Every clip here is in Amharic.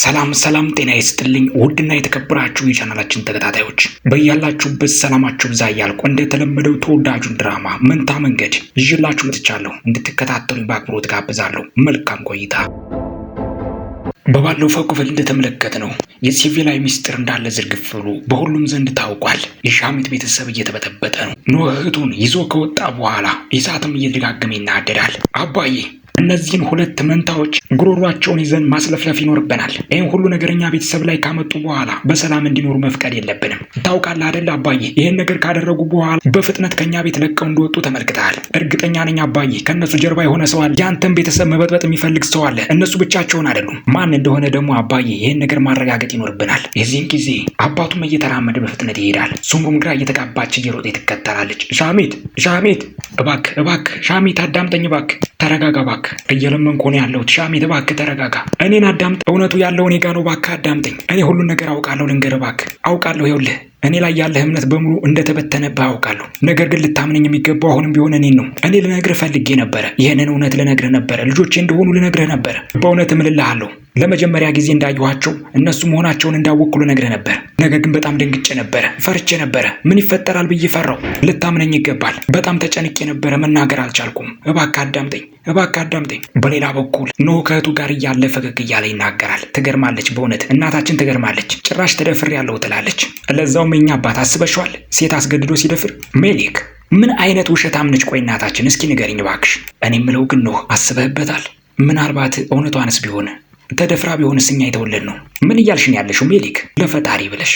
ሰላም ሰላም፣ ጤና ይስጥልኝ ውድና የተከበራችሁ የቻናላችን ተከታታዮች በያላችሁበት ሰላማችሁ ብዛ እያልኩ እንደተለመደው ተወዳጁን ድራማ መንታ መንገድ ይዤላችሁ መጥቻለሁ። እንድትከታተሉኝ በአክብሮት ጋብዛለሁ። መልካም ቆይታ። በባለፈው ክፍል እንደተመለከት ነው የሲቪላዊ ሚስጥር እንዳለ ዝርግፍ ብሎ በሁሉም ዘንድ ታውቋል። የሻሚት ቤተሰብ እየተበጠበጠ ነው። ኖህ እህቱን ይዞ ከወጣ በኋላ ኢሳትም እየተደጋገመ ይናደዳል። አባዬ እነዚህን ሁለት መንታዎች ጉሮሯቸውን ይዘን ማስለፍለፍ ይኖርብናል። ይህን ሁሉ ነገረኛ ቤተሰብ ላይ ካመጡ በኋላ በሰላም እንዲኖሩ መፍቀድ የለብንም። ታውቃለህ አደል አባዬ፣ ይህን ነገር ካደረጉ በኋላ በፍጥነት ከእኛ ቤት ለቀው እንደወጡ ተመልክተሃል። እርግጠኛ ነኝ አባዬ፣ ከእነሱ ጀርባ የሆነ ሰው አለ። ያንተን ቤተሰብ መበጥበጥ የሚፈልግ ሰው አለ። እነሱ ብቻቸውን አይደሉም። ማን እንደሆነ ደግሞ አባዬ፣ ይህን ነገር ማረጋገጥ ይኖርብናል። የዚህን ጊዜ አባቱም እየተራመደ በፍጥነት ይሄዳል። ሱምሩም ግራ እየተጋባች እየሮጠ ትከተላለች። ሻሜት ሻሜት፣ እባክህ እባክህ ሻሜት አዳምጠኝ እባክህ ተረጋጋ እባክህ እየለመንኩ ነው ያለሁት። ሻሜት እባክህ ተረጋጋ። እኔን አዳምጥ። እውነቱ ያለው እኔ ጋ ነው። እባክህ አዳምጠኝ። እኔ ሁሉን ነገር አውቃለሁ። ልንገርህ እባክህ አውቃለሁ። ይኸውልህ እኔ ላይ ያለህ እምነት በሙሉ እንደተበተነብህ አውቃለሁ። ነገር ግን ልታምነኝ የሚገባው አሁንም ቢሆን እኔን ነው። እኔ ልነግርህ ፈልጌ ነበረ። ይህንን እውነት ልነግርህ ነበረ። ልጆቼ እንደሆኑ ልነግርህ ነበረ። በእውነት እምልልሃለሁ ለመጀመሪያ ጊዜ እንዳየኋቸው እነሱ መሆናቸውን እንዳወቅኩ ልነግርህ ነበር። ነገር ግን በጣም ደንግጬ ነበረ፣ ፈርቼ ነበረ። ምን ይፈጠራል ብዬ ፈራው። ልታምነኝ ይገባል። በጣም ተጨንቄ ነበረ። መናገር አልቻልኩም። እባክህ አዳምጠኝ። እባክህ አዳምጠኝ። በሌላ በኩል ኖህ ከእህቱ ጋር እያለ ፈገግ እያለ ይናገራል። ትገርማለች፣ በእውነት እናታችን ትገርማለች። ጭራሽ ተደፍር ያለው ትላለች። ለዛውም የኛ አባት አስበሸዋል፣ ሴት አስገድዶ ሲደፍር። ሜሊክ ምን አይነት ውሸታም ነች? ቆይ እናታችን እስኪ ንገርኝ እባክሽ። እኔ ምለው ግን ኖህ አስበህበታል? ምናልባት እውነቷንስ ቢሆን ተደፍራ ቢሆንስ እኛ የተወለድ ነው። ምን እያልሽን ያለሽው ሜሌክ? ለፈጣሪ ብለሽ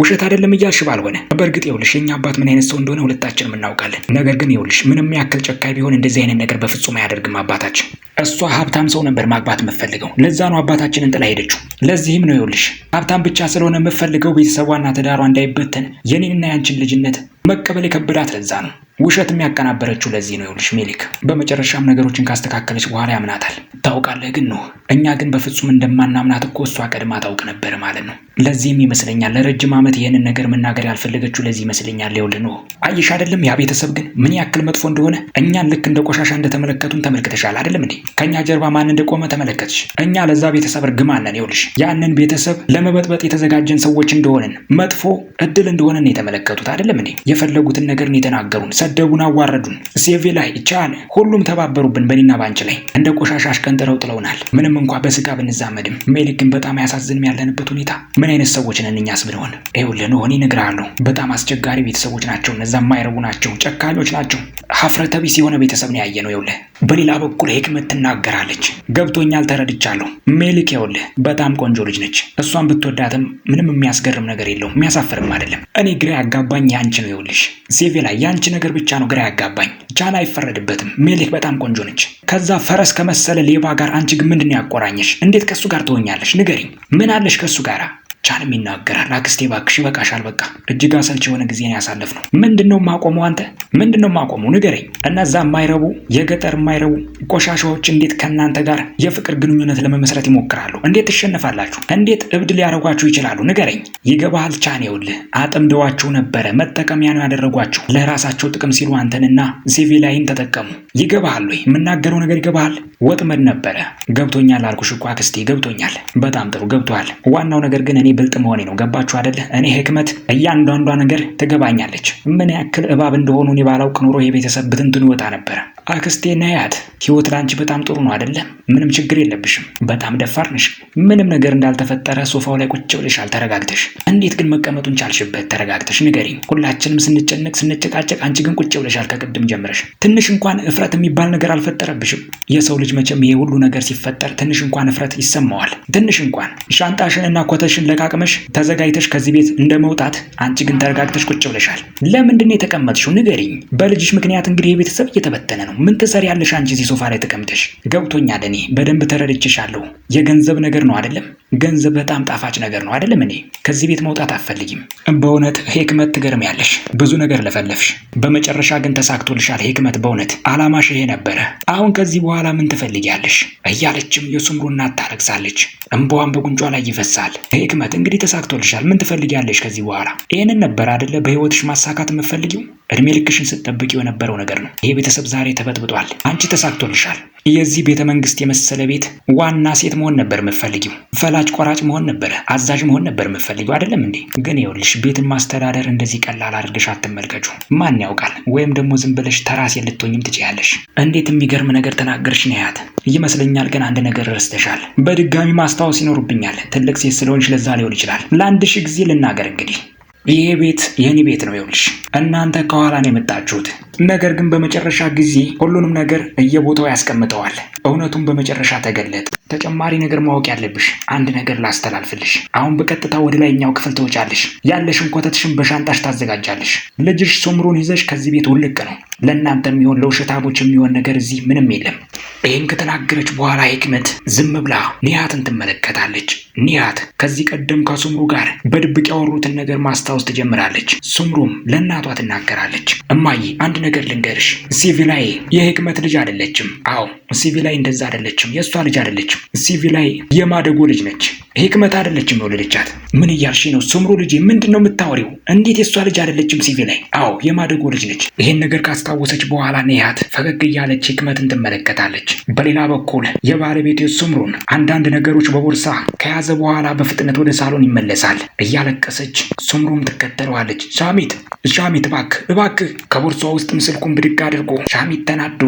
ውሸት አይደለም እያልሽ ባልሆነ። በእርግጥ ይኸውልሽ የኛ አባት ምን አይነት ሰው እንደሆነ ሁለታችንም እናውቃለን። ነገር ግን ይኸውልሽ ምንም ያክል ጨካኝ ቢሆን እንደዚህ አይነት ነገር በፍጹም አያደርግም አባታችን። እሷ ሀብታም ሰው ነበር ማግባት የምፈልገው። ለዛ ነው አባታችንን ጥላ ሄደችው። ለዚህም ነው ይኸውልሽ ሀብታም ብቻ ስለሆነ የምፈልገው ቤተሰቧና ትዳሯ እንዳይበተን የኔንና ያንችን ልጅነት መቀበል የከበዳት ለዛ ነው። ውሸት የሚያቀናበረችው ለዚህ ነው። ይኸውልሽ ሜሊክ በመጨረሻም ነገሮችን ካስተካከለች በኋላ ያምናታል። ታውቃለህ ግን ነው እኛ ግን በፍጹም እንደማናምናት እኮ እሷ ቀድማ ታውቅ ነበር ማለት ነው። ለዚህም ይመስለኛል ለረጅም ዓመት ይህንን ነገር መናገር ያልፈለገችው ለዚህ ይመስለኛል። ይኸውልህ ነው አየሽ አይደለም ያ ቤተሰብ ግን ምን ያክል መጥፎ እንደሆነ እኛን ልክ እንደ ቆሻሻ እንደተመለከቱን ተመልክተሻል አይደለም እንዴ? ከእኛ ጀርባ ማን እንደቆመ ተመለከትሽ። እኛ ለዛ ቤተሰብ እርግማን ነን። ይኸውልሽ ያንን ቤተሰብ ለመበጥበጥ የተዘጋጀን ሰዎች እንደሆንን መጥፎ እድል እንደሆነን የተመለከቱት አይደለም እንዴ? የፈለጉትን ነገር የተናገሩን፣ ሰደቡን፣ አዋረዱን። ሴቬ ላይ ይቻለ ሁሉም ተባበሩብን በኔና ባንች ላይ እንደ ቆሻሻ አሽቀንጥረው ጥለውናል። ምንም እንኳ በስጋ ብንዛመድም ሜሊክ ግን በጣም አያሳዝንም ያለንበት ሁኔታ። ምን አይነት ሰዎች ነን እኛስ ብንሆን። ይኸውልህ ኖሆን እነግርሃለሁ፣ በጣም አስቸጋሪ ቤተሰቦች ናቸው እነዛ። የማይረቡ ናቸው፣ ጨካኞች ናቸው። ሀፍረተ የሆነ ቤተሰብ ነው ያየ ነው። ይኸውልህ በሌላ በኩል ህክመት ትናገራለች። ገብቶኛል፣ ተረድቻለሁ። ሜሊክ ይኸውልህ በጣም ቆንጆ ልጅ ነች። እሷን ብትወዳትም ምንም የሚያስገርም ነገር የለውም፣ የሚያሳፍርም አይደለም። እኔ ግራ ያጋባኝ ያንቺ ነው ይደውልሽ። ሲቪ ላይ ያንቺ ነገር ብቻ ነው ግራ ያጋባኝ። ጃን አይፈረድበትም። ሜሊክ በጣም ቆንጆ ነች። ከዛ ፈረስ ከመሰለ ሌባ ጋር አንቺ ግን ምንድን ያቆራኘሽ? እንዴት ከሱ ጋር ትሆኛለሽ? ንገሪኝ። ምን አለሽ ከሱ ጋር? ቻንም ይናገራል። አክስቴ እባክሽ ይበቃሻል፣ በቃ እጅግ አሰልች የሆነ ጊዜን ያሳለፍ ነው። ምንድን ነው ማቆመው? አንተ ምንድን ነው ማቆመው? ንገረኝ። እነዛ የማይረቡ የገጠር የማይረቡ ቆሻሻዎች እንዴት ከእናንተ ጋር የፍቅር ግንኙነት ለመመስረት ይሞክራሉ? እንዴት ትሸነፋላችሁ? እንዴት እብድ ሊያደርጓችሁ ይችላሉ? ንገረኝ። ይገባሃል? ቻን ይኸውልህ፣ አጥምደዋችሁ ነበረ። መጠቀሚያ ነው ያደረጓችሁ። ለራሳቸው ጥቅም ሲሉ አንተንና ዜቬላይን ተጠቀሙ። ይገባሃል ወይ? የምናገረው ነገር ይገባሃል? ወጥመድ ነበረ። ገብቶኛል አልኩሽ እኮ አክስቴ፣ ገብቶኛል። በጣም ጥሩ ገብቶሃል። ዋናው ነገር ግን እኔ ብልጥ መሆኔ ነው። ገባችሁ አደለ? እኔ ህክመት እያንዳንዷ ነገር ትገባኛለች። ምን ያክል እባብ እንደሆኑ እኔ ባላውቅ ኖሮ የቤተሰብ ብትንትኑ ይወጣ ነበረ። አክስቴ ነያት ህይወት ለአንቺ በጣም ጥሩ ነው አደለ? ምንም ችግር የለብሽም። በጣም ደፋር ነሽ። ምንም ነገር እንዳልተፈጠረ ሶፋው ላይ ቁጭ ብለሻል ተረጋግተሽ። እንዴት ግን መቀመጡን ቻልሽበት? ተረጋግተሽ ንገሪኝ። ሁላችንም ስንጨነቅ ስንጨቃጨቅ፣ አንቺ ግን ቁጭ ብለሻል ከቅድም ጀምረሽ። ትንሽ እንኳን እፍረት የሚባል ነገር አልፈጠረብሽም። የሰው ልጅ መቼም ይሄ ሁሉ ነገር ሲፈጠር ትንሽ እንኳን እፍረት ይሰማዋል። ትንሽ እንኳን ሻንጣሽን እና ኮተሽን ተለቃቅመሽ ተዘጋጅተሽ ከዚህ ቤት እንደ መውጣት፣ አንቺ ግን ተረጋግተሽ ቁጭ ብለሻል። ለምንድን ነው የተቀመጥሽው? ንገሪኝ። በልጅሽ ምክንያት እንግዲህ የቤተሰብ እየተበተነ ነው። ምን ትሰሪያለሽ አንቺ እዚህ ሶፋ ላይ ተቀምጠሽ? ገብቶኛል። እኔ በደንብ ተረድቼሻለሁ። የገንዘብ ነገር ነው አይደለም? ገንዘብ በጣም ጣፋጭ ነገር ነው አይደለም? እኔ ከዚህ ቤት መውጣት አትፈልጊም። በእውነት ሄክመት ትገርሚያለሽ። ብዙ ነገር ለፈለፍሽ፣ በመጨረሻ ግን ተሳክቶልሻል። ሄክመት በእውነት አላማሽ ይሄ ነበረ። አሁን ከዚህ በኋላ ምን ትፈልጊያለሽ? እያለችም የሱምሩ እናት ታለቅሳለች። እምባዋን በጉንጯ ላይ ይፈሳል። ሄክመት አላት። እንግዲህ ተሳክቶልሻል። ምን ትፈልጊያለሽ ከዚህ በኋላ? ይህንን ነበር አደለ በህይወትሽ ማሳካት የምትፈልጊው? እድሜ ልክሽን ስትጠብቂው የነበረው ነገር ነው። ይሄ ቤተሰብ ዛሬ ተበጥብጧል። አንቺ ተሳክቶልሻል። የዚህ ቤተ መንግስት የመሰለ ቤት ዋና ሴት መሆን ነበር የምፈልጊው። ፈላጭ ቆራጭ መሆን ነበር፣ አዛዥ መሆን ነበር የምፈልጊው አይደለም እንዴ? ግን ይኸውልሽ ቤትን ማስተዳደር እንደዚህ ቀላል አድርገሽ አትመልከቹ። ማን ያውቃል? ወይም ደግሞ ዝም ብለሽ ተራሴ ልትሆኝም ትችያለሽ። እንዴት የሚገርም ነገር ተናገርሽ ነያት። ይመስለኛል ግን አንድ ነገር ረስተሻል። በድጋሚ ማስታወስ ይኖሩብኛል ትልቅ ሴት ስለሆንሽ ለዛ ሊሆን ይችላል። ለአንድ ሺህ ጊዜ ልናገር እንግዲህ ይሄ ቤት የኔ ቤት ነው። ይኸውልሽ እናንተ ከኋላ ነው የመጣችሁት። ነገር ግን በመጨረሻ ጊዜ ሁሉንም ነገር እየቦታው ያስቀምጠዋል። እውነቱን በመጨረሻ ተገለጠ። ተጨማሪ ነገር ማወቅ ያለብሽ አንድ ነገር ላስተላልፍልሽ። አሁን በቀጥታ ወደ ላይኛው ክፍል ትወጫለሽ። ያለሽን ኮተትሽን በሻንጣሽ ታዘጋጃለሽ። ልጅሽ ሱምሩን ይዘሽ ከዚህ ቤት ውልቅ ነው። ለእናንተ የሚሆን ለውሸታቦች የሚሆን ነገር እዚህ ምንም የለም። ይህን ከተናገረች በኋላ ሂክመት ዝም ብላ ኒያትን ትመለከታለች። ኒያት ከዚህ ቀደም ከሱምሩ ጋር በድብቅ ያወሩትን ነገር ማስታወስ ትጀምራለች። ሱምሩም ለእናቷ ትናገራለች። እማዬ አንድ ነገር ልንገርሽ፣ ሲቪላይ የህክመት ልጅ አይደለችም። አዎ ሲቪላይ እንደዛ አይደለችም፣ የእሷ ልጅ አይደለችም። ሲቪላይ የማደጎ ልጅ ነች። ህክመት አይደለችም የወለደቻት። ምን እያልሽ ነው ስምሩ? ልጅ ምንድን ነው የምታወሪው? እንዴት የእሷ ልጅ አይደለችም? ሲቪላይ አዎ የማደጎ ልጅ ነች። ይህን ነገር ካስታወሰች በኋላ ነያት ፈገግ እያለች ህክመትን ትመለከታለች። በሌላ በኩል የባለቤት ስምሩን አንዳንድ ነገሮች በቦርሳ ከያዘ በኋላ በፍጥነት ወደ ሳሎን ይመለሳል። እያለቀሰች ስምሩም ትከተለዋለች። ሻሚት ሻሚት፣ እባክህ እባክህ ከቦርሷ ውስጥ እሱም ስልኩን ብድግ አድርጎ ሻሚት ተናዶ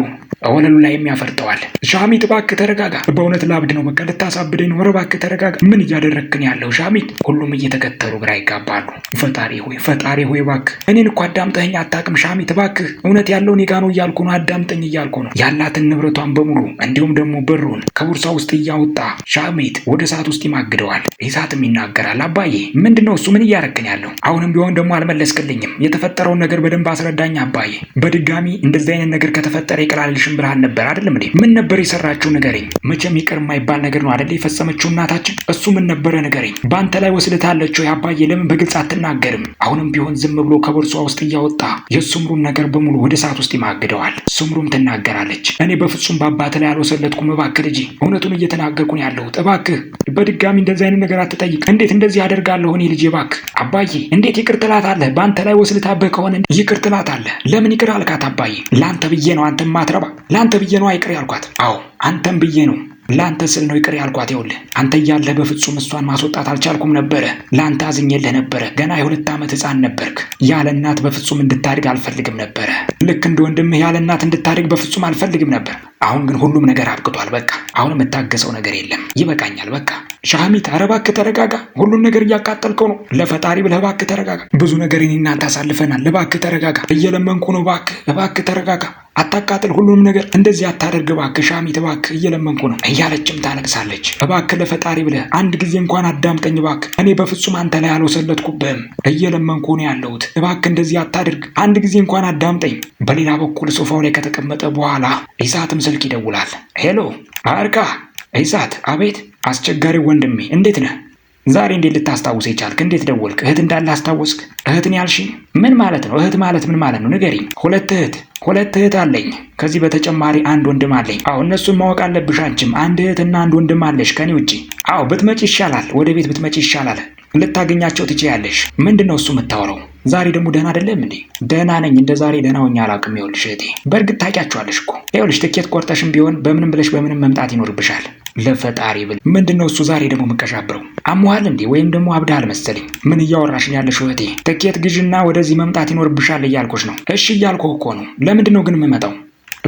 ወለሉ ላይ የሚያፈርጠዋል። ሻሚት እባክህ ተረጋጋ፣ በእውነት ላብድ ነው፣ በቃ ልታሳብደኝ ነው፣ ኧረ እባክህ ተረጋጋ። ምን እያደረግክን ያለው ሻሚት? ሁሉም እየተከተሉ ግራ ይጋባሉ። ፈጣሪ ሆይ ፈጣሪ ሆይ እባክህ እኔን እኮ አዳምጠኝ አታውቅም ሻሚት፣ እባክህ እውነት ያለው እኔ ጋ ነው እያልኩ ነው፣ አዳምጠኝ እያልኩ ነው። ያላትን ንብረቷን በሙሉ እንዲሁም ደግሞ ብሩን ከቦርሳ ውስጥ እያወጣ ሻሚት ወደ እሳት ውስጥ ይማግደዋል። እሳትም ይናገራል፣ አባዬ ምንድነው እሱ? ምን እያረግን ያለው? አሁንም ቢሆን ደግሞ አልመለስክልኝም። የተፈጠረውን ነገር በደንብ አስረዳኝ አባዬ በድጋሚ እንደዚህ አይነት ነገር ከተፈጠረ ይቅርልሽም ብልሃል ነበር አይደለም እንዴ? ምን ነበር የሰራችው ንገረኝ። መቼም ይቅር የማይባል ነገር ነው አይደለ የፈጸመችው እናታችን። እሱ ምን ነበረ ንገረኝ። በአንተ ላይ ወስልታለችው የአባዬ ለምን በግልጽ አትናገርም? አሁንም ቢሆን ዝም ብሎ ከቦርሷ ውስጥ እያወጣ የሱምሩን ነገር በሙሉ ወደ ሰዓት ውስጥ ይማግደዋል። ሱምሩም ትናገራለች። እኔ በፍጹም በአባት ላይ አልወሰለትኩም። እባክህ ልጄ፣ እውነቱን እየተናገርኩን ያለሁት እባክህ በድጋሚ እንደዚህ አይነት ነገር አትጠይቅ። እንዴት እንደዚህ አደርጋለሁ እኔ ልጄ? እባክህ አባዬ፣ እንዴት ይቅር ትላታለህ? በአንተ ላይ ወስልታብህ ከሆነ ይቅር ትላታለህ። ለምን ይቅር አልካት አባዬ? ለአንተ ብዬ ነው። አንተ ማትረባ፣ ለአንተ ብዬ ነው አይቅር ያልኳት። አዎ አንተም ብዬ ነው ለአንተ ስል ነው ይቅር ያልኳት። ይኸውልህ አንተ እያለህ በፍጹም እሷን ማስወጣት አልቻልኩም ነበረ። ለአንተ አዝኜልህ ነበረ። ገና የሁለት ዓመት ህፃን ነበርክ። ያለ እናት በፍጹም እንድታድግ አልፈልግም ነበረ። ልክ እንደ ወንድምህ ያለ እናት እንድታድግ በፍጹም አልፈልግም ነበር። አሁን ግን ሁሉም ነገር አብቅቷል። በቃ አሁን የምታገሰው ነገር የለም። ይበቃኛል። በቃ ሻሚት፣ ኧረ እባክህ ተረጋጋ። ሁሉን ነገር እያቃጠልከው ነው። ለፈጣሪ ብለህ እባክህ ተረጋጋ። ብዙ ነገር እኔና አንተ አሳልፈናል። እባክህ ተረጋጋ። እየለመንኩ ነው። እባክህ እባክህ ተረጋጋ። አታቃጥል ሁሉንም ነገር እንደዚህ አታደርግ እባክህ ሻሚት እባክህ እየለመንኩ ነው እያለችም ታለቅሳለች። እባክህ ለፈጣሪ ብለህ አንድ ጊዜ እንኳን አዳምጠኝ እባክህ፣ እኔ በፍጹም አንተ ላይ አልወሰለትኩብህም፣ እየለመንኩ ነው ያለሁት፣ እባክህ እንደዚህ አታደርግ፣ አንድ ጊዜ እንኳን አዳምጠኝ። በሌላ በኩል ሶፋው ላይ ከተቀመጠ በኋላ ኢሳትም ስልክ ይደውላል። ሄሎ አርካ ኢሳት። አቤት አስቸጋሪ ወንድሜ፣ እንዴት ነህ? ዛሬ እንዴት ልታስታውስ የቻልክ? እንዴት ደወልክ? እህት እንዳለ አስታወስክ? እህትን ያልሽ ምን ማለት ነው? እህት ማለት ምን ማለት ነው? ንገሪኝ። ሁለት እህት ሁለት እህት አለኝ። ከዚህ በተጨማሪ አንድ ወንድም አለኝ። አዎ እነሱን ማወቅ አለብሽ። አንቺም አንድ እህትና አንድ ወንድም አለሽ ከኔ ውጪ። አዎ ብትመጪ ይሻላል፣ ወደ ቤት ብትመጪ ይሻላል። ልታገኛቸው ትችያለሽ። ምንድን ነው እሱ የምታወራው? ዛሬ ደግሞ ደህና አይደለም እንዴ? ደህና ነኝ። እንደ ዛሬ ደህና ሆኜ አላውቅም። ይኸውልሽ እህቴ፣ በእርግጥ ታውቂያቸዋለሽ እኮ። ይኸውልሽ ትኬት ቆርጠሽም ቢሆን በምንም ብለሽ በምንም መምጣት ይኖርብሻል። ለፈጣሪ ብል ምንድን ነው እሱ ዛሬ ደግሞ የምቀሻብረው? አሞሃል እንዴ? ወይም ደግሞ አብዳሃል መሰለኝ። ምን እያወራሽን ያለሽ እህቴ? ትኬት ግዥና ወደዚህ መምጣት ይኖርብሻል እያልኩሽ ነው። እሺ እያልኩ እኮ ነው። ለምንድን ነው ግን የምመጣው?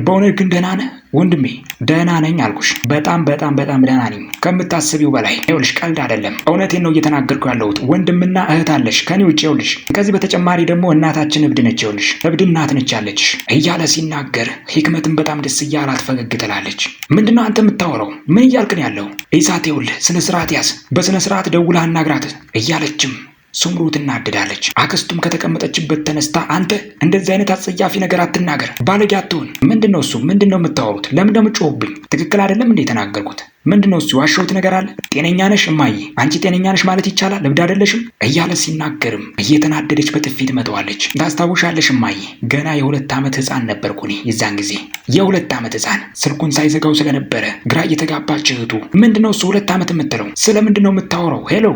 በእውነት ግን ደህና ነህ ወንድሜ? ደህና ነኝ አልኩሽ። በጣም በጣም በጣም ደህና ነኝ ከምታስቢው በላይ። ይኸውልሽ ቀልድ አይደለም፣ እውነቴን ነው እየተናገርኩ ያለሁት። ወንድምና እህት አለሽ ከኔ ውጭ። ይኸውልሽ ከዚህ በተጨማሪ ደግሞ እናታችን እብድ ነች። ይኸውልሽ እብድ እናት ነች ያለችሽ እያለ ሲናገር ሂክመትን በጣም ደስ እያላት ፈገግ ትላለች። ምንድነው አንተ የምታወራው? ምን እያልክ ያለው? ኢሳት ይኸውልህ ስነ ስርዓት ያዝ፣ በስነ ስርዓት ደውለህ አናግራት እያለችም ስምሩ ትናደዳለች። አክስቱም ከተቀመጠችበት ተነስታ አንተ እንደዚህ አይነት አጸያፊ ነገር አትናገር፣ ባለጌ አትሆን። ምንድን ነው እሱ? ምንድን ነው የምታወሩት? ለምን ደምጮሁብኝ? ትክክል አይደለም እንደ የተናገርኩት? ምንድን ነው እሱ ዋሸሁት ነገር አለ? ጤነኛ ነሽ እማዬ? አንቺ ጤነኛ ነሽ ማለት ይቻላል? እብድ አይደለሽም? እያለ ሲናገርም እየተናደደች በጥፊ ትመታዋለች። ታስታውሻለሽ እማዬ? ገና የሁለት ዓመት ህፃን ነበርኩ እኔ የዛን ጊዜ የሁለት ዓመት ህፃን ስልኩን ሳይዘጋው ስለነበረ ግራ እየተጋባች እህቱ ምንድን ነው እሱ ሁለት ዓመት የምትለው ስለምንድን ነው የምታወራው? ሄሎ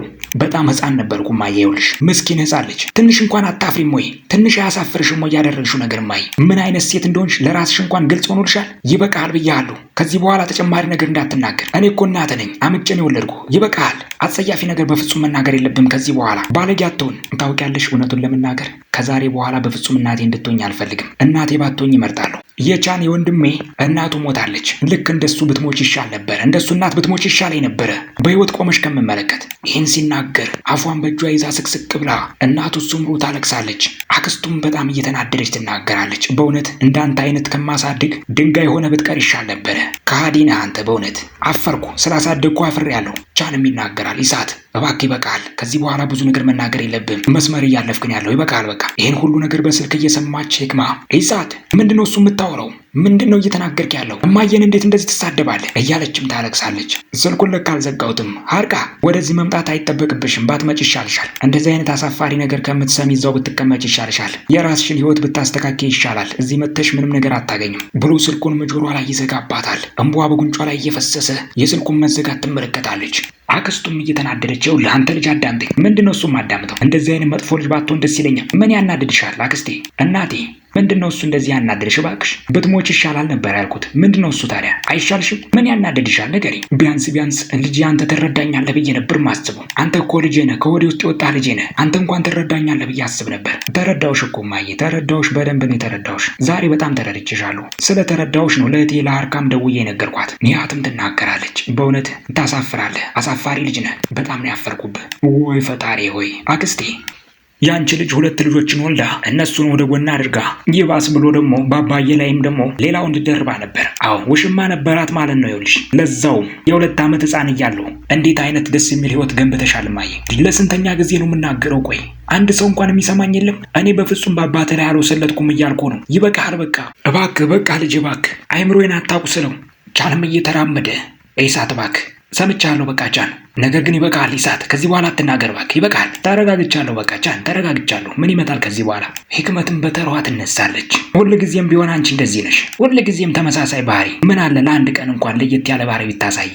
በጣም ህፃን ነበርኩ እማዬ። ይኸውልሽ ምስኪን ሕፃን ልጅ ትንሽ እንኳን አታፍሪም ወይ? ትንሽ አያሳፍርሽም ወይ ያደረግሽው ነገር እማዬ? ምን አይነት ሴት እንደሆንሽ ለራስሽ እንኳን ግልጽ ሆኖልሻል? ይበቃል ብያለሁ። ከዚህ በኋላ ተጨማሪ ነገር እንዳትናገር። እኔ እኮ እናትህ ነኝ፣ አምጬ ነው የወለድኩህ። ይበቃሃል። አጸያፊ ነገር በፍጹም መናገር የለብም ከዚህ በኋላ ባለጌ አትሆን። ታውቂያለሽ፣ እውነቱን ለመናገር ከዛሬ በኋላ በፍጹም እናቴ እንድትሆኝ አልፈልግም። እናቴ ባትሆኝ ይመርጣለሁ። የቻን የወንድሜ እናቱ ሞታለች። ልክ እንደሱ ብትሞች ይሻል ነበረ። እንደሱ እናት ብትሞች ይሻል ነበረ በህይወት ቆመሽ ከምመለከት። ይህን ሲናገር አፏን በእጇ ይዛ ስቅስቅ ብላ እናቱ ሱምሩ ታለቅሳለች። አክስቱም በጣም እየተናደደች ትናገራለች። በእውነት እንዳንተ አይነት ከማሳድግ ድንጋይ ሆነ ብትቀር ይሻል ነበረ። ከሃዲ ነህ አንተ። በእውነት አፈርኩ፣ ስላሳደግኩ አፍሬያለሁ። ቻንም ይናገራል ይነግራል ይሳት እባክህ ይበቃል። ከዚህ በኋላ ብዙ ነገር መናገር የለብም። መስመር እያለፍክን ያለው ይበቃል። በቃ ይህን ሁሉ ነገር በስልክ እየሰማች ሄክማ ይዛት ምንድነው እሱ የምታወራው? ምንድን ነው እየተናገርክ ያለው? እማየን እንዴት እንደዚህ ትሳደባለህ? እያለችም ታለቅሳለች። ስልኩን ለካ አልዘጋውትም ሀርቃ ወደዚህ መምጣት አይጠበቅብሽም፣ ባትመጭ ይሻልሻል። እንደዚህ አይነት አሳፋሪ ነገር ከምትሰሚ እዛው ብትቀመጭ ይሻልሻል። የራስሽን ህይወት ብታስተካከይ ይሻላል። እዚህ መጥተሽ ምንም ነገር አታገኝም ብሎ ስልኩን መጆሯ ላይ ይዘጋባታል። እንቧ በጉንጯ ላይ እየፈሰሰ የስልኩን መዘጋት ትመለከታለች። አክስቱም እየተናደደች አስረድቼው ለአንተ ልጅ አዳምጠኝ። ምንድነው እሱም አዳምጠው። እንደዚህ አይነት መጥፎ ልጅ ባትሆን ደስ ይለኛል። ምን ያናድድሻል አክስቴ? እናቴ ምንድን ነው እሱ እንደዚህ ያናደድሽ? እባክሽ ብትሞች ይሻላል ነበር ያልኩት። ምንድን ነው እሱ ታዲያ አይሻልሽም? ምን ያናደድሻል? ንገሪኝ። ቢያንስ ቢያንስ ልጅ አንተ ትረዳኛለህ ብዬ ነበር ማስበው። አንተ እኮ ልጄ ነህ፣ ከወዲ ውስጥ የወጣ ልጄ ነህ። አንተ እንኳን ትረዳኛለህ ብዬ አስብ ነበር። ተረዳውሽ እኮ ማየ፣ ተረዳውሽ። በደንብ ነው የተረዳውሽ። ዛሬ በጣም ተረድቼሻለሁ። ስለ ተረዳውሽ ነው ለእቴ ለአርካም ደውዬ ነገርኳት። ኒያትም ትናገራለች። በእውነት ታሳፍራለህ። አሳፋሪ ልጅ ነህ። በጣም ነው ያፈርኩብህ። ወይ ፈጣሪ ሆይ አክስቴ ያንቺ ልጅ ሁለት ልጆችን ወልዳ እነሱን ወደ ጎና አድርጋ ይባስ ብሎ ደግሞ በአባዬ ላይም ደግሞ ሌላውን ልደርባ ነበር። አዎ ውሽማ ነበራት ማለት ነው። ይኸውልሽ ለዛውም የሁለት ዓመት ህፃን እያለሁ እንዴት አይነት ደስ የሚል ህይወት ገንብተሻል እማዬ። ለስንተኛ ጊዜ ነው የምናገረው? ቆይ አንድ ሰው እንኳን የሚሰማኝ የለም። እኔ በፍጹም በአባቴ ላይ አልወሰለትኩም እያልኩ ነው። ይበቃል፣ በቃ እባክህ፣ በቃ ልጅ እባክህ፣ አይምሮዬን አታቁስለው። ቻንም እየተራመደ ኤሳት እባክህ ሰምቻለሁ። በቃ ጃን፣ ነገር ግን ይበቃል። ይሳት፣ ከዚህ በኋላ አትናገር እባክህ፣ ይበቃል። ተረጋግቻለሁ። በቃ ጃን፣ ተረጋግቻለሁ። ምን ይመጣል ከዚህ በኋላ? ህክመትም በተሯ ትነሳለች። ጊዜም ቢሆን አንቺ እንደዚህ ነሽ፣ ጊዜም ተመሳሳይ ባህሪ። ምን አለ ለአንድ ቀን እንኳን ለየት ያለ ባህሪ ብታሳይ?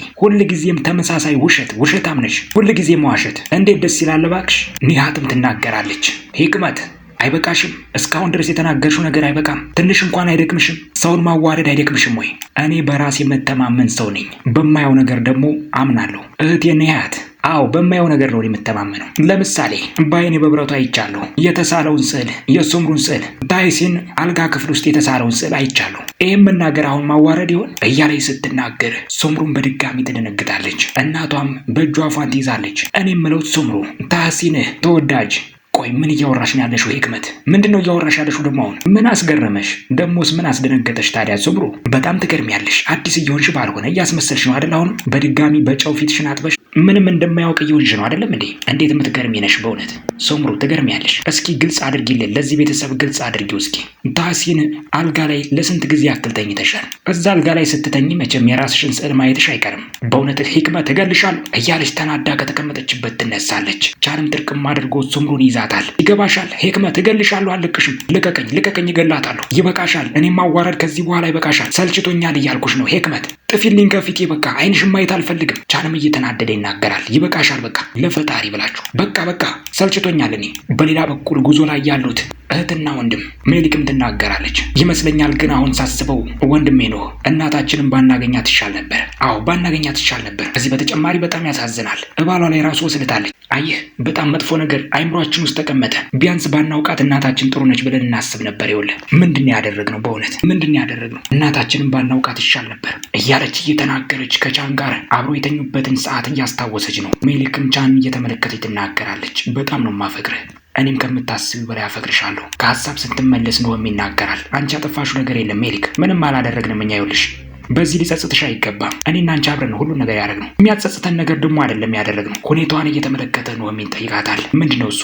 ጊዜም ተመሳሳይ ውሸት፣ ውሸታም ነሽ፣ ጊዜም ዋሸት እንዴት ደስ ይላል! እባክሽ። ኒሃትም ትናገራለች። ህክመት አይበቃሽም? እስካሁን ድረስ የተናገርሽው ነገር አይበቃም? ትንሽ እንኳን አይደክምሽም? ሰውን ማዋረድ አይደክምሽም ወይ? እኔ በራሴ መተማመን ሰው ነኝ። በማየው ነገር ደግሞ አምናለሁ። እህቴ ነያት። አዎ በማየው ነገር ነው የምተማመነው። ለምሳሌ በአይኔ በብረቱ አይቻለሁ የተሳለውን ስዕል፣ የሱምሩን ስዕል፣ ታይሲን አልጋ ክፍል ውስጥ የተሳለውን ስዕል አይቻለሁ። ይህም መናገር አሁን ማዋረድ ይሆን እያለች ስትናገር ሱምሩን በድጋሚ ትደነግጣለች። እናቷም በእጇ ፏን ትይዛለች። እኔ የምለው ሱምሩ ታሲንህ ተወዳጅ ቆይ ምን እያወራሽ ነው ያለሽው? ህክመት ምንድን ነው እያወራሽ ያለሽው? ደግሞ አሁን ምን አስገረመሽ? ደሞስ ምን አስደነገጠሽ ታዲያ? ዝምሩ በጣም ትገርሚያለሽ። አዲስ እየሆንሽ ባልሆነ እያስመሰልሽ ነው አደል? አሁን በድጋሚ በጨው ፊትሽን አጥበሽ ምንም እንደማያውቅ እየሆንሽ ነው አይደለም እንዴ? እንዴት የምትገርሚ ነሽ በእውነት ሶምሩ፣ ትገርሚያለሽ። እስኪ ግልጽ አድርጊልን፣ ለዚህ ቤተሰብ ግልጽ አድርጊው እስኪ። ታሲን አልጋ ላይ ለስንት ጊዜ ያክል ተኝተሻል? እዛ አልጋ ላይ ስትተኝ መቼም የራስሽን ስዕል ማየትሽ አይቀርም። በእውነት ሂክመት እገልሻል እያለች ተናዳ ከተቀመጠችበት ትነሳለች። ቻንም ጥርቅም አድርጎ ሶምሩን ይዛታል። ይገባሻል ሂክመት እገልሻለሁ፣ አልቅሽም። ልቀቀኝ፣ ልቀቀኝ፣ እገላታለሁ። ይበቃሻል፣ እኔም ማዋረድ ከዚህ በኋላ ይበቃሻል። ሰልችቶኛል እያልኩሽ ነው ሂክመት። ጥፊልኝ ከፊቴ በቃ፣ አይንሽም ማየት አልፈልግም። ቻንም እየተናደደ ይናገራል። ይበቃሻል፣ በቃ ለፈጣሪ ብላችሁ በቃ በቃ ሰልችቶኛል። እኔ በሌላ በኩል ጉዞ ላይ ያሉት እህትና ወንድም ሜሊክም ትናገራለች። ይመስለኛል ግን አሁን ሳስበው ወንድሜ ኖህ እናታችንን ባናገኛት ይሻል ነበር። አዎ ባናገኛት ይሻል ነበር። ከዚህ በተጨማሪ በጣም ያሳዝናል። እባሏ ላይ ራሱ ወስልታለች። አየህ በጣም መጥፎ ነገር አይምሯችን ውስጥ ተቀመጠ። ቢያንስ ባናውቃት እናታችን ጥሩ ነች ብለን እናስብ ነበር። ይኸውልህ ምንድን ያደረግነው በእውነት ምንድን ነው? እናታችንን ባናውቃት ይሻል ነበር እያለች እየተናገረች ከቻን ጋር አብሮ የተኙበትን ሰዓት እያስታወሰች ነው። ሜሊክም ቻን እየተመለከተች ትናገራለች። በጣም ነው ማፈቅርህ እኔም ከምታስቢው በላይ አፈቅርሻለሁ። ከሀሳብ ስትመለስ ነውም ይናገራል። አንቺ ያጠፋሽው ነገር የለም ሜሊክ፣ ምንም አላደረግንም እኛ። ይኸውልሽ በዚህ ሊጸጽትሽ አይገባም። እኔና አንቺ አብረን ሁሉን ነገር ያደረግነው። የሚያጸጽተን ነገር ደግሞ አይደለም ያደረግነው። ሁኔታዋን እየተመለከተ ነውም ይጠይቃታል። ምንድን ነው እሱ?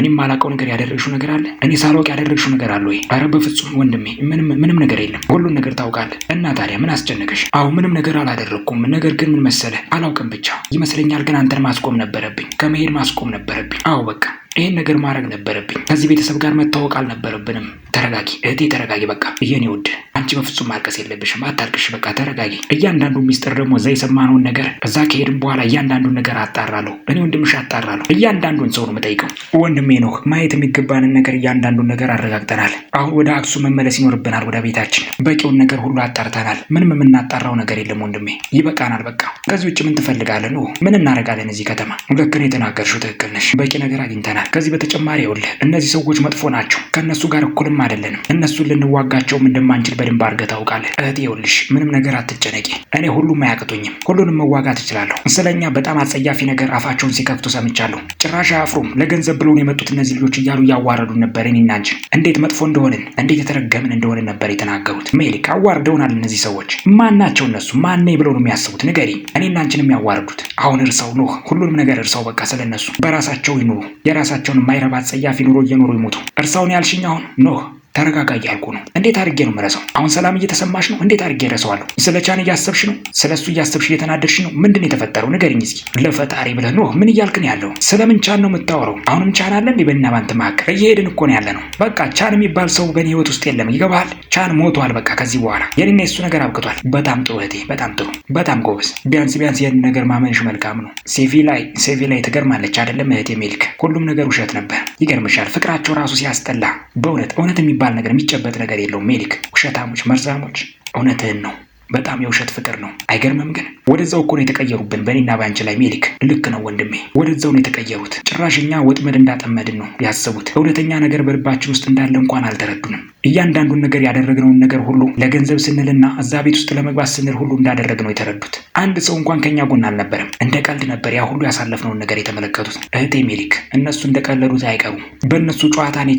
እኔም ማላውቀው ነገር ያደረግሽው ነገር አለ? እኔ ሳላውቅ ያደረግሽው ነገር አለ ወይ? አረ በፍጹም ወንድሜ፣ ምንም ምንም ነገር የለም። ሁሉን ነገር ታውቃለህ። እና ታዲያ ምን አስጨነቀሽ? አዎ ምንም ነገር አላደረግኩም። ነገር ግን ምን መሰለህ፣ አላውቅም ብቻ ይመስለኛል። ግን አንተን ማስቆም ነበረብኝ፣ ከመሄድ ማስቆም ነበረብኝ። አዎ በቃ ይህን ነገር ማድረግ ነበረብኝ። ከዚህ ቤተሰብ ጋር መታወቅ አልነበረብንም። ተረጋጊ እህቴ ተረጋጊ። በቃ እየኔ ውድ አንቺ በፍጹም ማልቀስ የለብሽም። አታልቅሽ። በቃ ተረጋጊ። እያንዳንዱ ሚስጥር ደግሞ እዛ የሰማነውን ነገር እዛ ከሄድም በኋላ እያንዳንዱን ነገር አጣራለሁ። እኔ ወንድምሽ አጣራለሁ። እያንዳንዱን ሰው ነው የምጠይቀው። ወንድሜ ነው ማየት የሚገባንን ነገር እያንዳንዱን ነገር አረጋግጠናል። አሁን ወደ አክሱም መመለስ ይኖርብናል። ወደ ቤታችን በቂውን ነገር ሁሉ አጣርተናል። ምንም የምናጣራው ነገር የለም ወንድሜ፣ ይበቃናል። በቃ ከዚህ ውጭ ምን ትፈልጋለን? ምን እናደርጋለን? እዚህ ከተማ ልክ ነው የተናገርሽው፣ ትክክል ነሽ። በቂ ነገር አግኝተናል። ይገባናል። ከዚህ በተጨማሪ ይኸውልህ እነዚህ ሰዎች መጥፎ ናቸው። ከእነሱ ጋር እኩልም አይደለንም። እነሱን ልንዋጋቸውም እንደማንችል በደንብ አድርገህ ታውቃለህ። እህቴ ይኸውልሽ ምንም ነገር አትጨነቂ። እኔ ሁሉም አያቅቱኝም። ሁሉንም መዋጋት እችላለሁ። ስለኛ በጣም አጸያፊ ነገር አፋቸውን ሲከፍቱ ሰምቻለሁ። ጭራሽ አያፍሩም። ለገንዘብ ብለውን የመጡት እነዚህ ልጆች እያሉ እያዋረዱን ነበር። እኔና አንቺን እንዴት መጥፎ እንደሆንን እንዴት የተረገምን እንደሆንን ነበር የተናገሩት። ሜሊክ አዋርደውናል። እነዚህ ሰዎች ማን ናቸው? እነሱ ማን ብለው ነው የሚያስቡት? ንገሪ። እኔና አንቺን የሚያዋርዱት አሁን እርሰው ኖህ፣ ሁሉንም ነገር እርሰው። በቃ ስለነሱ በራሳቸው ይኑሩ። የራሳ ራሳቸውን የማይረባ ጸያፊ ኑሮ እየኖሩ ይሞቱ። እርሳውን ያልሽኝ አሁን ኖህ ተረጋጋ እያልኩ ነው። እንዴት አድርጌ ነው መረሰው? አሁን ሰላም እየተሰማሽ ነው? እንዴት አድርጌ እረሳዋለሁ? ስለ ቻን እያሰብሽ ነው? ስለ እሱ እያሰብሽ እየተናደድሽ ነው? ምንድን የተፈጠረው? ንገሪኝ እስኪ። ለፈጣሪ ብለህ ነው? ምን እያልክ ነው ያለው? ስለምን ቻን ነው የምታወረው? አሁንም ቻን አለ እንዴ? በእና ባንተ መካከል እየሄድን እኮ ነው ያለ ነው። በቃ ቻን የሚባል ሰው በእኔ ህይወት ውስጥ የለም። ይገባሃል? ቻን ሞቷል። በቃ ከዚህ በኋላ የኔና የሱ ነገር አብቅቷል። በጣም ጥሩ እህቴ፣ በጣም ጥሩ፣ በጣም ጎበዝ። ቢያንስ ቢያንስ ይህን ነገር ማመንሽ መልካም ነው። ሴቪ ላይ ሴቪ ላይ ትገርማለች አይደለም እህቴ ሜልክ ሁሉም ነገር ውሸት ነበር። ይገርምሻል፣ ፍቅራቸው ራሱ ሲያስጠላ በእውነት እውነት የሚባል የሚባል ነገር የሚጨበጥ ነገር የለውም። ሜሊክ ውሸታሞች፣ መርዛሞች፣ እውነትህን ነው። በጣም የውሸት ፍቅር ነው። አይገርምም? ግን ወደዛው እኮ ነው የተቀየሩብን በእኔና በአንቺ ላይ ሜሊክ። ልክ ነው ወንድሜ፣ ወደዛው ነው የተቀየሩት። ጭራሽኛ ወጥመድ እንዳጠመድን ነው ያሰቡት። እውነተኛ ነገር በልባችን ውስጥ እንዳለ እንኳን አልተረዱንም። እያንዳንዱን ነገር ያደረግነውን ነገር ሁሉ ለገንዘብ ስንልና እዛ ቤት ውስጥ ለመግባት ስንል ሁሉ እንዳደረግ ነው የተረዱት። አንድ ሰው እንኳን ከኛ ጎን አልነበረም። እንደ ቀልድ ነበር ያ ሁሉ ያሳለፍነውን ነገር የተመለከቱት። እህቴ ሜሊክ፣ እነሱ እንደቀለዱት አይቀሩም። በእነሱ ጨዋታን እኔ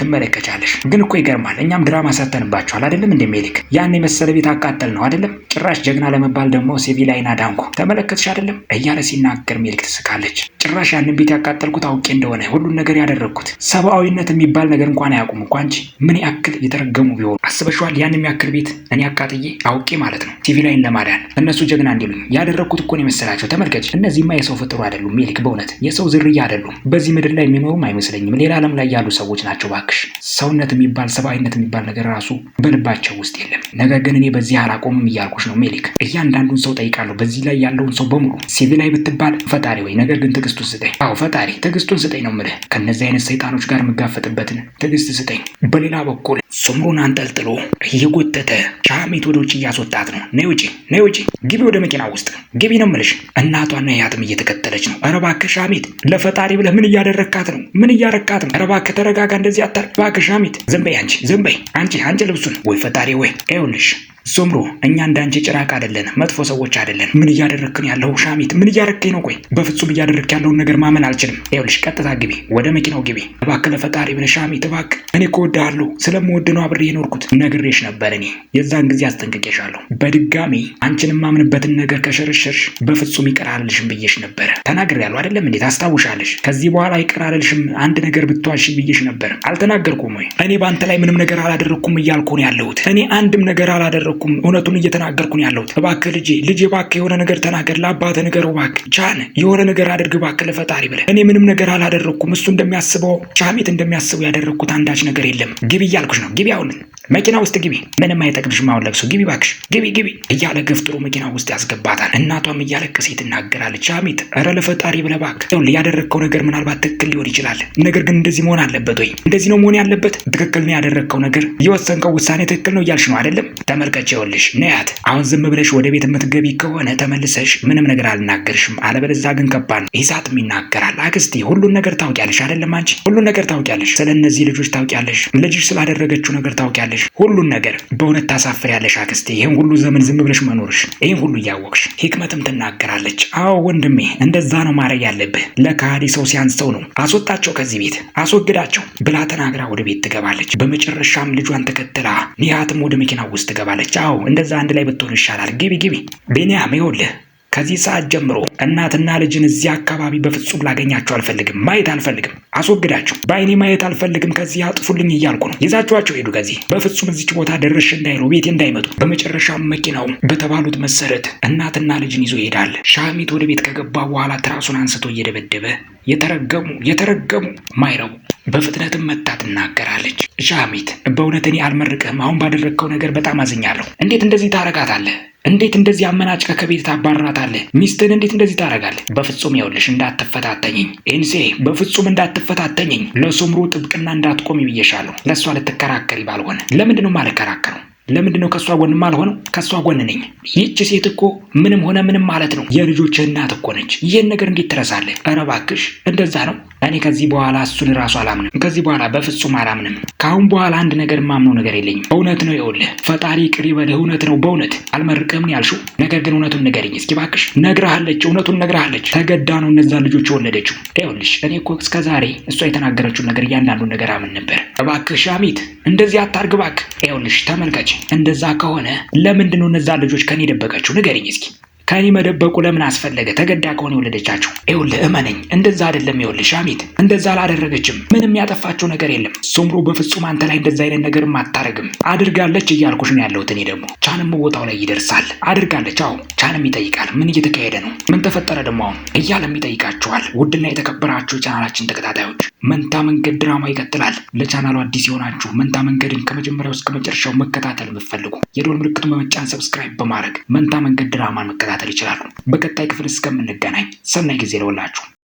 ትመለከቻለሽ። ግን እኮ ይገርማል፣ እኛም ድራማ ሰርተንባቸዋል አይደለም እንደ ሜሊክ። ያን የመሰለ ቤት አቃጠል ነው አይደለም። ጭራሽ ጀግና ለመባል ደግሞ ሴቪላይና ዳንጎ ተመለከትሽ አይደለም እያለ ሲናገር ሜሊክ ትስቃለች። ጭራሽ ያንን ቤት ያቃጠልኩት አውቄ እንደሆነ ሁሉን ነገር ያደረግኩት ሰብአዊነት የሚባል ነገር እንኳን አያውቁም እኮ አንቺ ምን ያክል የተረገሙ ቢሆኑ አስበሽዋል? ያን የሚያክል ቤት እኔ አቃጥዬ አውቄ ማለት ነው ሲቪላይን ለማዳን እነሱ ጀግና እንዲሉኝ ያደረግኩት እኮን የመሰላቸው ተመልከች። እነዚህማ የሰው ፍጥሩ አይደሉም ሜሊክ፣ በእውነት የሰው ዝርያ አይደሉም። በዚህ ምድር ላይ የሚኖሩም አይመስለኝም። ሌላ ዓለም ላይ ያሉ ሰዎች ናቸው። ባክሽ ሰውነት የሚባል ሰብአዊነት የሚባል ነገር ራሱ በልባቸው ውስጥ የለም። ነገር ግን እኔ በዚህ አላቆምም እያልኩሽ ነው ሜሊክ። እያንዳንዱን ሰው ጠይቃለሁ፣ በዚህ ላይ ያለውን ሰው በሙሉ ሲቪላይ ብትባል ፈጣሪ ወይ ነገር ግን ትዕግስቱን ስጠኝ። አዎ ፈጣሪ ትዕግስቱን ስጠኝ ነው ምልህ። ከእነዚህ አይነት ሰይጣኖች ጋር የምጋፈጥበትን ትዕግስት ስጠኝ። በሌላ በሌላ በኩል ስምሩን አንጠልጥሎ እየጎተተ ሻሚት ወደ ውጭ እያስወጣት ነው። ነይ ውጪ፣ ነይ ውጪ፣ ግቢ፣ ወደ መኪና ውስጥ ግቢ ነው የምልሽ። እናቷና ያትም እየተከተለች ነው። ኧረ እባክህ ሻሜት፣ ለፈጣሪ ብለህ ምን እያደረካት ነው? ምን እያረካት ነው? ኧረ እባክህ ተረጋጋ፣ እንደዚህ አታር። እባክህ ሻሚት፣ ዝም በይ አንቺ፣ ዝም በይ አንቺ፣ አንቺ ልብሱን። ወይ ፈጣሪ ወይ፣ ይኸውልሽ ዞምሮ እኛ እንዳንቺ ጭራቅ አይደለን፣ መጥፎ ሰዎች አይደለን። ምን እያደረክን ያለው ሻሚት? ምን እያደረከኝ ነው? ቆይ በፍጹም እያደረክ ያለውን ነገር ማመን አልችልም። ይኸውልሽ፣ ቀጥታ ግቢ፣ ወደ መኪናው ግቢ። እባክህ ለፈጣሪ ብለህ ሻሚት፣ እባክህ። እኔ እኮ እወድሃለሁ፣ ስለምወድ ነው አብሬ የኖርኩት። ነግሬሽ ነበር፣ እኔ የዛን ጊዜ አስጠንቅቄሻለሁ። በድጋሚ አንቺን የማምንበትን ነገር ከሸርሸርሽ በፍጹም ይቅር አልልሽም ብዬሽ ነበረ። ተናግሬያለሁ አይደለም እንዴት? አስታውሻለሽ? ከዚህ በኋላ ይቅር አልልሽም፣ አንድ ነገር ብትዋሽ ብዬሽ ነበር። አልተናገርኩም ወይ? እኔ በአንተ ላይ ምንም ነገር አላደረግኩም እያልኩ ነው ያለሁት። እኔ አንድም ነገር አላደረግኩም አልፈለግኩም። እውነቱን እየተናገርኩ ያለሁት። እባክህ ልጄ ልጄ እባክህ የሆነ ነገር ተናገር፣ ለአባትህ ንገረው እባክህ ቻን፣ የሆነ ነገር አድርግ እባክህ ለፈጣሪ ብለህ። እኔ ምንም ነገር አላደረግኩም። እሱ እንደሚያስበው ቻሜት እንደሚያስበው ያደረግኩት አንዳች ነገር የለም። ግቢ እያልኩሽ ነው፣ ግቢ አሁን መኪና ውስጥ ግቢ። ምንም አይጠቅምሽም አሁን ለቅሶ፣ ግቢ እባክሽ፣ ግቢ ግቢ እያለ ገፍጥሮ መኪና ውስጥ ያስገባታል። እናቷም እያለቀሰ ትናገራለች። ቻሜት ኧረ ለፈጣሪ ብለህ እባክህ ያደረግከው ነገር ምናልባት ትክክል ሊሆን ይችላል። ነገር ግን እንደዚህ መሆን አለበት ወይ? እንደዚህ ነው መሆን ያለበት። ትክክል ነው ያደረግከው ነገር፣ የወሰንከው ውሳኔ ትክክል ነው እያልሽ ነው አይደለም? ተመልከች ደረጃ ይኸውልሽ ነያት። አሁን ዝም ብለሽ ወደ ቤት የምትገቢ ከሆነ ተመልሰሽ ምንም ነገር አልናገርሽም፣ አለበለዚያ ግን ከባድ ነው። ይሳጥም ይናገራል። አክስቴ ሁሉን ነገር ታውቂያለሽ አይደለም? አንቺ ሁሉን ነገር ታውቂያለሽ፣ ስለ እነዚህ ልጆች ታውቂያለሽ፣ ልጅሽ ስላደረገችው ነገር ታውቂያለሽ፣ ሁሉን ነገር በእውነት ታሳፍሪያለሽ አክስቴ። ይህን ሁሉ ዘመን ዝም ብለሽ መኖርሽ፣ ይህን ሁሉ እያወቅሽ። ሂክመትም ትናገራለች። አዎ ወንድሜ፣ እንደዛ ነው ማድረግ ያለብህ። ለካሃዲ ሰው ሲያንሰው ነው። አስወጣቸው ከዚህ ቤት አስወግዳቸው ብላ ተናግራ ወደ ቤት ትገባለች። በመጨረሻም ልጇን ተከትላ ኒሃትም ወደ መኪናው ውስጥ ትገባለች። ጫው እንደዛ አንድ ላይ ብትሆኑ ይሻላል። ግቢ ግቢ። ቤንያም ይኸውልህ ከዚህ ሰዓት ጀምሮ እናትና ልጅን እዚህ አካባቢ በፍጹም ላገኛቸው አልፈልግም። ማየት አልፈልግም። አስወግዳቸው። በአይኔ ማየት አልፈልግም። ከዚህ አጥፉልኝ እያልኩ ነው። ይዛችኋቸው ሄዱ። ከዚህ በፍጹም እዚች ቦታ ደርሽ እንዳይሉ ቤቴ እንዳይመጡ። በመጨረሻም መኪናው በተባሉት መሰረት እናትና ልጅን ይዞ ይሄዳል። ሻሚት ወደ ቤት ከገባ በኋላ ትራሱን አንስቶ እየደበደበ የተረገሙ የተረገሙ ማይረቡ በፍጥነትም መታ ትናገራለች። ሻሚት በእውነት እኔ አልመርቅህም። አሁን ባደረግከው ነገር በጣም አዝኛለሁ። እንዴት እንደዚህ ታረጋታለህ? እንዴት እንደዚህ አመናጭቀህ ከቤት ታባርራታለህ? ሚስትን እንዴት እንደዚህ ታደርጋለህ? በፍጹም ይኸውልሽ፣ እንዳትፈታተኝኝ ኤንሴ፣ በፍጹም እንዳትፈታተኝኝ። ለሱምሩ ጥብቅና እንዳትቆሚ ብዬሻለሁ። ለእሷ ልትከራከሪ ባልሆነ። ለምንድነው ነው የማልከራከረው? ለምንድን ነው ከእሷ ጎን አልሆነው? ከእሷ ጎን ነኝ። ይህች ሴት እኮ ምንም ሆነ ምንም ማለት ነው የልጆች እናት እኮ ነች። ይህን ነገር እንዴት ትረሳለህ? እረ እባክሽ እንደዛ ነው። እኔ ከዚህ በኋላ እሱን ራሱ አላምንም። ከዚህ በኋላ በፍጹም አላምንም። ከአሁን በኋላ አንድ ነገር ማምነው ነገር የለኝም። እውነት ነው ይኸውልህ፣ ፈጣሪ ቅሪ በልህ። እውነት ነው በእውነት አልመርቅህም ያልሽው ነገር ግን እውነቱን ንገሪኝ እስኪ እባክሽ። ነግረሃለች፣ እውነቱን ነግረሃለች። ተገዳ ነው እነዛ ልጆች የወለደችው። ይኸውልሽ እኔ እኮ እስከ ዛሬ እሷ የተናገረችውን ነገር እያንዳንዱን ነገር አምን ነበር። እባክሽ አሚት እንደዚህ አታርግ እባክህ ይኸውልሽ ተመልከች፣ እንደዛ ከሆነ ለምንድን ነው እነዛ ልጆች ከኔ የደበቀችው? ንገሪኝ እስኪ ከኔ መደበቁ ለምን አስፈለገ? ተገዳ ከሆነ የወለደቻቸው። ይኸውልህ እመነኝ፣ እንደዛ አይደለም። ይኸውልሽ ሻሚት እንደዛ አላደረገችም። ምንም ያጠፋችው ነገር የለም። ሱምሩ በፍጹም አንተ ላይ እንደዛ አይነት ነገርም አታረግም። አድርጋለች እያልኩሽ ነው ያለሁት። እኔ ደግሞ ቻንም ቦታው ላይ ይደርሳል። አድርጋለች። አዎ ቻንም ይጠይቃል። ምን እየተካሄደ ነው? ምን ተፈጠረ ደግሞ አሁን? እያለም ይጠይቃችኋል። ውድና የተከበራችሁ ቻናላችን ተከታታዮች መንታ መንገድ ድራማ ይቀጥላል። ለቻናሉ አዲስ የሆናችሁ መንታ መንገድን ከመጀመሪያው እስከ መጨረሻው መከታተል የምትፈልጉ የዶል ምልክቱን በመጫን ሰብስክራይብ በማድረግ መንታ መንገድ ድራማን መከታተል ይችላሉ። በቀጣይ ክፍል እስከምንገናኝ ሰናይ ጊዜ ለውላችሁ።